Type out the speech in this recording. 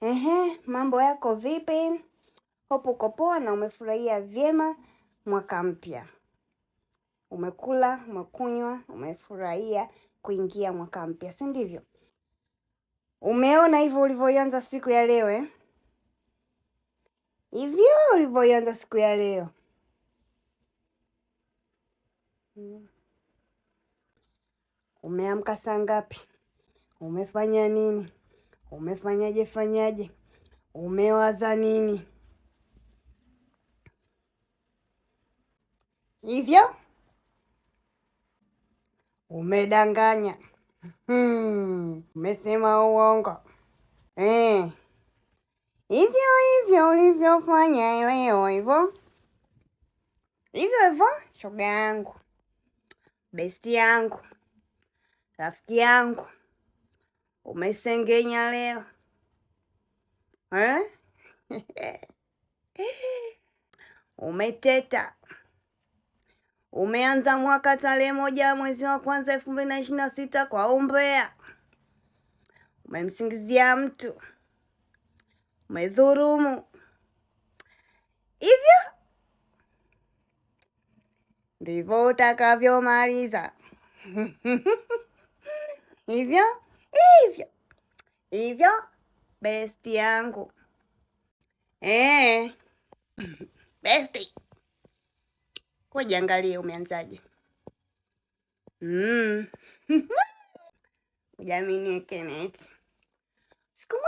Ehe, mambo yako vipi? Hope uko poa na umefurahia vyema mwaka mpya. Umekula, umekunywa, umefurahia kuingia mwaka mpya, si ndivyo? Umeona hivyo ulivyoanza siku ya leo eh? Hivyo ulivyoanza siku ya leo Umeamka saa ngapi? Umefanya nini? Umefanyaje fanyaje? Umewaza nini? Hivyo umedanganya. Hmm. Umesema uongo eh. Hivyo hivyo ulivyofanya leo, hivyo hivyo hivyo, shoga yangu, besti yangu, rafiki yangu umesengenya leo eh? Umeteta, umeanza mwaka tarehe moja mwezi wa kwanza elfu mbili na ishirini na sita kwa umbea. Umemsingizia mtu, umedhurumu hivyo ndivyo utakavyomaliza hivyo hivyo hivyo, besti yangu eh. Besti, kujiangalie umeanzaje? mm. Ujamini Kenneth siku